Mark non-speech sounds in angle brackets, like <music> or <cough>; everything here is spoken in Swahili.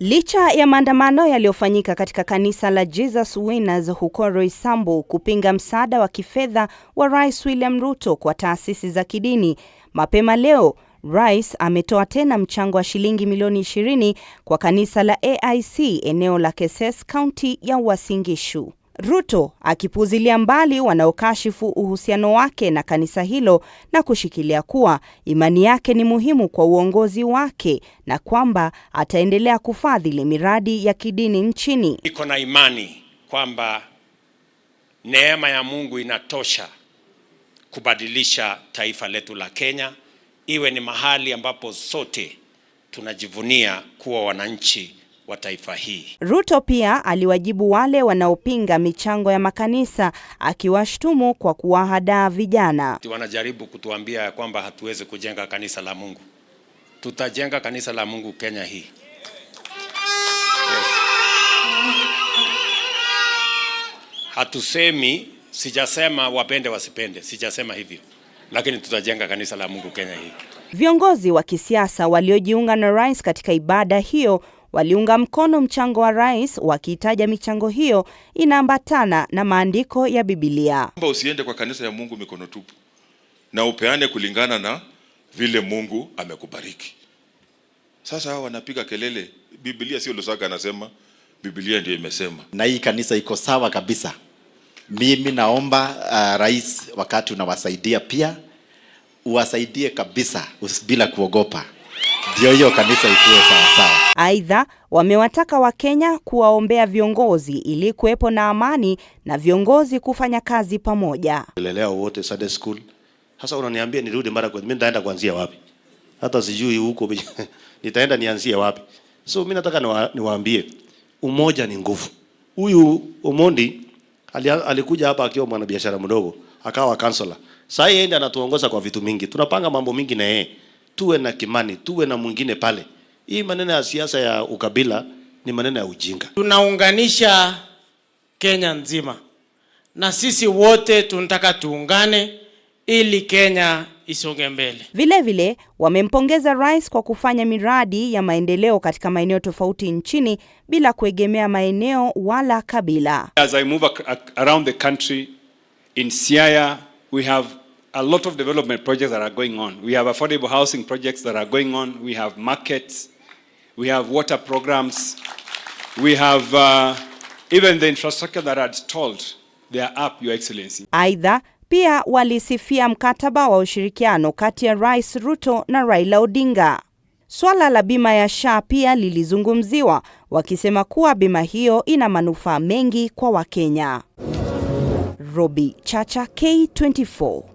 Licha ya maandamano yaliyofanyika katika kanisa la Jesus Winners huko Roysambu kupinga msaada wa kifedha wa Rais William Ruto kwa taasisi za kidini, mapema leo Rais ametoa tena mchango wa shilingi milioni 20 kwa kanisa la AIC eneo la Keses, kaunti ya Uasin Gishu. Ruto akipuuzilia mbali wanaokashifu uhusiano wake na kanisa hilo na kushikilia kuwa imani yake ni muhimu kwa uongozi wake na kwamba ataendelea kufadhili miradi ya kidini nchini. Niko na imani kwamba neema ya Mungu inatosha kubadilisha taifa letu la Kenya iwe ni mahali ambapo sote tunajivunia kuwa wananchi wa taifa hii. Ruto pia aliwajibu wale wanaopinga michango ya makanisa akiwashtumu kwa kuwahadaa vijana. Wanajaribu kutuambia kwamba hatuwezi kujenga kanisa la Mungu. Tutajenga kanisa la Mungu Kenya hii. Hatusemi, sijasema wapende wasipende, sijasema hivyo. Lakini tutajenga kanisa la Mungu Kenya hii. Viongozi wa kisiasa waliojiunga na rais katika ibada hiyo waliunga mkono mchango wa rais, wakiitaja michango hiyo inaambatana na maandiko ya Biblia. Usiende kwa kanisa ya Mungu mikono tupu, na upeane kulingana na vile Mungu amekubariki. Sasa hao wanapiga kelele, Biblia sio Lusaka anasema, Biblia ndio imesema, na hii kanisa iko sawa kabisa. Mimi naomba uh, rais wakati unawasaidia pia uwasaidie kabisa bila kuogopa ndio hiyo kanisa ikuwe sawasawa. Aidha, wamewataka Wakenya kuwaombea viongozi ili kuwepo na amani na viongozi kufanya kazi pamoja. Lelea wote Sunday school. Sasa unaniambia nirudi mara kwa mimi nitaenda kuanzia wapi? Hata sijui huko <laughs> nitaenda nianzie wapi. So mimi nataka niwaambie umoja ni nguvu. Huyu Omondi alikuja hapa akiwa mwanabiashara mdogo, akawa kansela. Sasa yeye ndiye anatuongoza kwa vitu mingi. Tunapanga mambo mingi na yeye tuwe na Kimani, tuwe na mwingine pale. Hii maneno ya siasa ya ukabila ni maneno ya ujinga. Tunaunganisha Kenya nzima, na sisi wote tunataka tuungane ili Kenya isonge mbele. Vilevile wamempongeza rais kwa kufanya miradi ya maendeleo katika maeneo tofauti nchini bila kuegemea maeneo wala kabila. As I move around the country in Siaya we have a lot of development projects that are going on. We have affordable housing projects that are going on. We have markets. We have water programs. We have uh, even the infrastructure that had stalled, they are up, Your Excellency. Either. pia walisifia mkataba wa ushirikiano kati ya Rais Ruto na Raila Odinga. Swala la bima ya SHA pia lilizungumziwa, wakisema kuwa bima hiyo ina manufaa mengi kwa Wakenya. Robi Chacha, K24.